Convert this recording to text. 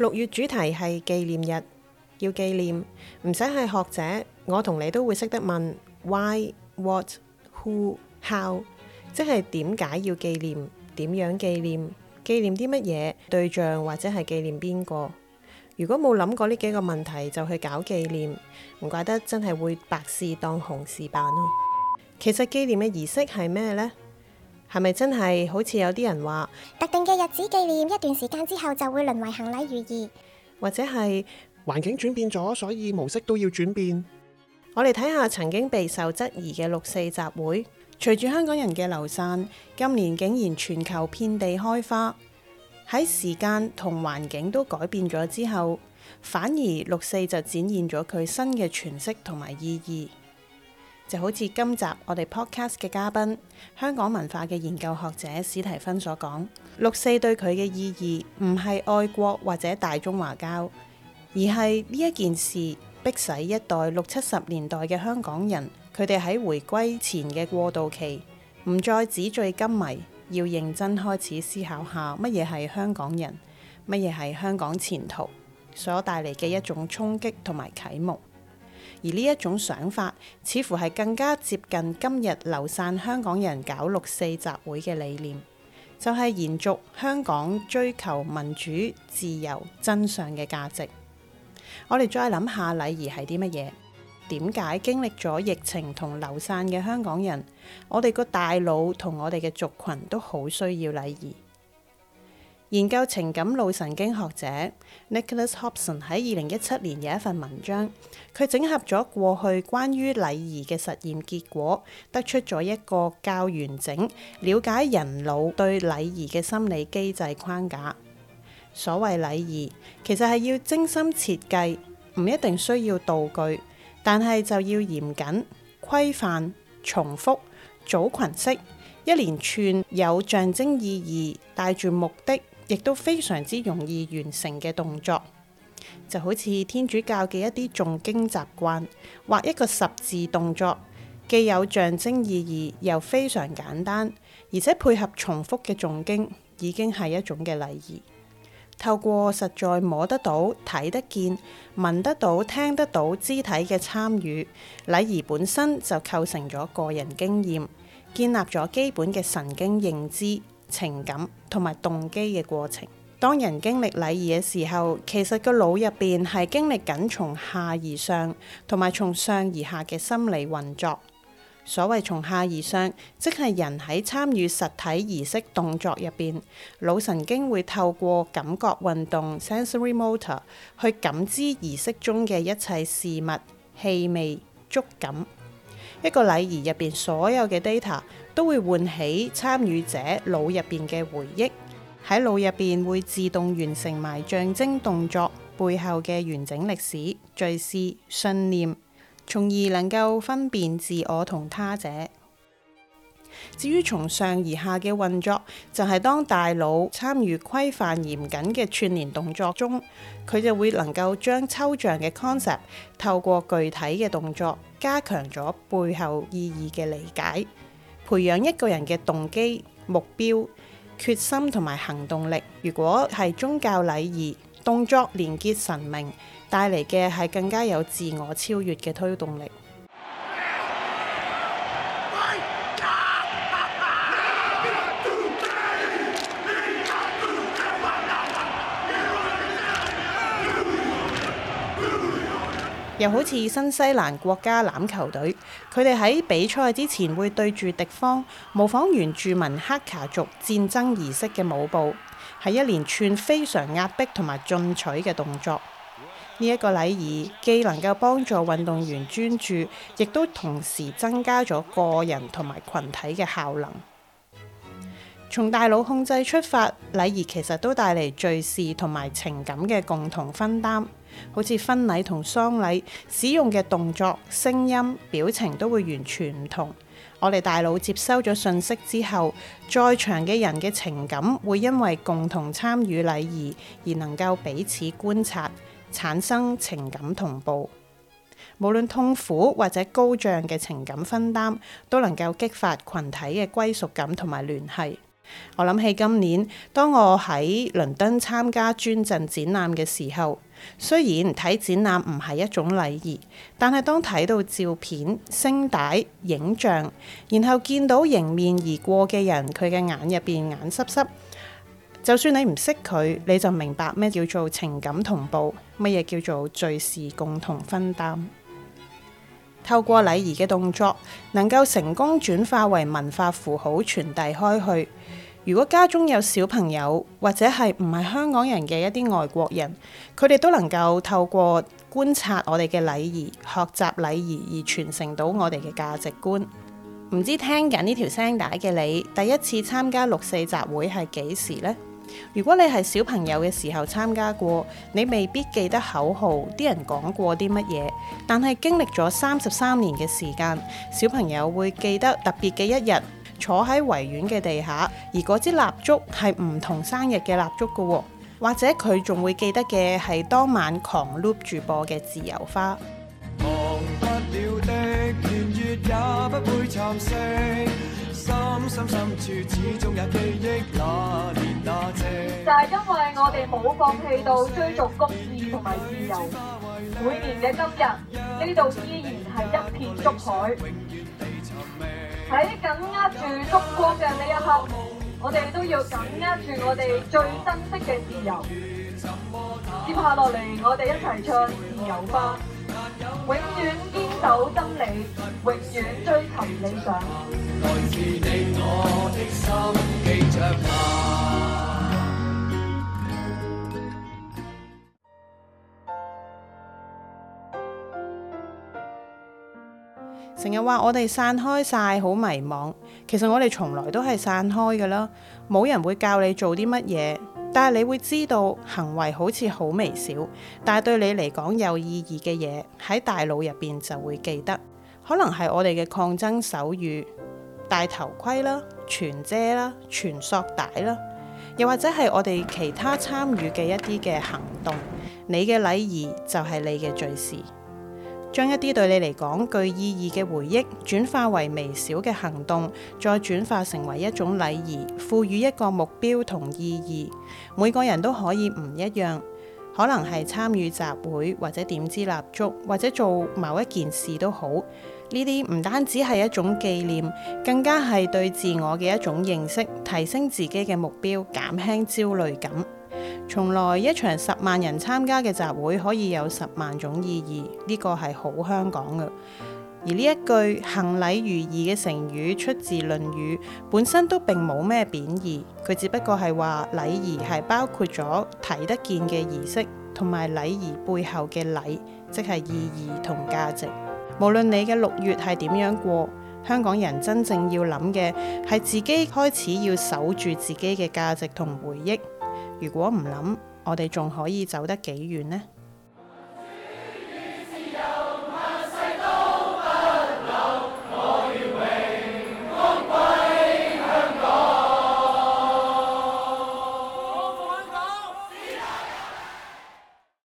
六月主題係紀念日，要紀念，唔使係學者，我同你都會識得問 Why、What、Who、How，即係點解要紀念，點樣紀念，紀念啲乜嘢對象或者係紀念邊個。如果冇諗過呢幾個問題就去搞紀念，唔怪得真係會白事當紅事辦咯。其實紀念嘅儀式係咩呢？係咪真係好似有啲人話，特定嘅日子紀念一段時間之後就會淪為行禮如儀，或者係環境轉變咗，所以模式都要轉變。我哋睇下曾經備受質疑嘅六四集會，隨住香港人嘅流散，今年竟然全球遍地開花。喺時間同環境都改變咗之後，反而六四就展現咗佢新嘅詮釋同埋意義。就好似今集我哋 podcast 嘅嘉賓，香港文化嘅研究學者史提芬所講，六四對佢嘅意義唔係愛國或者大中華交，而係呢一件事逼使一代六七十年代嘅香港人，佢哋喺回歸前嘅過渡期，唔再紙醉金迷，要認真開始思考下乜嘢係香港人，乜嘢係香港前途，所帶嚟嘅一種衝擊同埋啟蒙。而呢一種想法似乎係更加接近今日流散香港人搞六四集會嘅理念，就係延續香港追求民主、自由、真相嘅價值。我哋再諗下禮儀係啲乜嘢？點解經歷咗疫情同流散嘅香港人，我哋個大腦同我哋嘅族群都好需要禮儀？研究情感腦神經學者 Nicholas Hobson 喺二零一七年有一份文章，佢整合咗過去關於禮儀嘅實驗結果，得出咗一個較完整了解人腦對禮儀嘅心理機制框架。所謂禮儀其實係要精心設計，唔一定需要道具，但係就要嚴謹、規範、重複、組群式一連串有象徵意義、帶住目的。亦都非常之容易完成嘅動作，就好似天主教嘅一啲誦經習慣，畫一個十字動作，既有象徵意義，又非常簡單，而且配合重複嘅誦經，已經係一種嘅禮儀。透過實在摸得到、睇得見、聞得到、聽得到肢體嘅參與，禮儀本身就構成咗個人經驗，建立咗基本嘅神經認知。情感同埋動機嘅過程，當人經歷禮儀嘅時候，其實個腦入邊係經歷緊從下而上同埋從上而下嘅心理運作。所謂從下而上，即係人喺參與實體儀式動作入邊，腦神經會透過感覺運動 （sensory motor） 去感知儀式中嘅一切事物、氣味、觸感。一個禮儀入邊所有嘅 data。都會喚起參與者腦入邊嘅回憶，喺腦入邊會自動完成埋象徵動作背後嘅完整歷史、敘事、信念，從而能夠分辨自我同他者。至於從上而下嘅運作，就係、是、當大腦參與規範嚴謹嘅串聯動作中，佢就會能夠將抽象嘅 concept 透過具體嘅動作加強咗背後意義嘅理解。培養一個人嘅動機、目標、決心同埋行動力。如果係宗教禮儀，動作連結神明，帶嚟嘅係更加有自我超越嘅推動力。 又好似新西蘭國家籃球隊。佢哋喺比賽之前會對住敵方模仿原住民黑卡族戰爭儀式嘅舞步，係一連串非常壓迫同埋進取嘅動作。呢一個禮儀既能夠幫助運動員專注，亦都同時增加咗個人同埋群體嘅效能。從大腦控制出發，禮儀其實都帶嚟敘事同埋情感嘅共同分擔，好似婚禮同喪禮使用嘅動作、聲音、表情都會完全唔同。我哋大腦接收咗信息之後，在場嘅人嘅情感會因為共同參與禮儀而能夠彼此觀察，產生情感同步。無論痛苦或者高漲嘅情感分擔，都能夠激發群體嘅歸屬感同埋聯繫。我諗起今年，當我喺倫敦參加捐贈展覽嘅時候，雖然睇展覽唔係一種禮儀，但係當睇到照片、聲帶、影像，然後見到迎面而過嘅人，佢嘅眼入邊眼濕濕，就算你唔識佢，你就明白咩叫做情感同步，乜嘢叫做敘事共同分擔。透過禮儀嘅動作，能夠成功轉化為文化符號，傳遞開去。如果家中有小朋友，或者係唔係香港人嘅一啲外國人，佢哋都能夠透過觀察我哋嘅禮儀、學習禮儀而傳承到我哋嘅價值觀。唔知聽緊呢條聲帶嘅你，第一次參加六四集會係幾時呢？如果你係小朋友嘅時候參加過，你未必記得口號，啲人講過啲乜嘢，但係經歷咗三十三年嘅時間，小朋友會記得特別嘅一日。坐喺維園嘅地下，而嗰支蠟燭係唔同生日嘅蠟燭嘅喎，或者佢仲會記得嘅係當晚狂碌住播嘅《自由花》。就係因為我哋冇放棄到追逐公義同埋自由，每年嘅今日，呢度依然係一片燭海。燭光嘅呢一刻，我哋都要緊握住我哋最珍惜嘅自由。接下落嚟，我哋一齊唱《自由花》，永遠堅守真理，永遠追求理想。來自你我的心，記着吧。成日話我哋散開晒，好迷茫。其實我哋從來都係散開噶啦，冇人會教你做啲乜嘢，但係你會知道行為好似好微小，但係對你嚟講有意義嘅嘢喺大腦入邊就會記得。可能係我哋嘅抗爭手語、戴頭盔啦、全遮啦、全索帶啦，又或者係我哋其他參與嘅一啲嘅行動。你嘅禮儀就係你嘅敘事。將一啲對你嚟講具意義嘅回憶，轉化為微小嘅行動，再轉化成為一種禮儀，賦予一個目標同意義。每個人都可以唔一樣，可能係參與集會，或者點支蠟燭，或者做某一件事都好。呢啲唔單止係一種紀念，更加係對自我嘅一種認識，提升自己嘅目標，減輕焦慮感。從來一場十萬人參加嘅集會可以有十萬種意義，呢個係好香港嘅。而呢一句行禮如儀嘅成語出自《論語》，本身都並冇咩貶義，佢只不過係話禮儀係包括咗睇得見嘅儀式同埋禮儀背後嘅禮，即係意義同價值。無論你嘅六月係點樣過，香港人真正要諗嘅係自己開始要守住自己嘅價值同回憶。如果唔諗，我哋仲可以走得幾遠呢？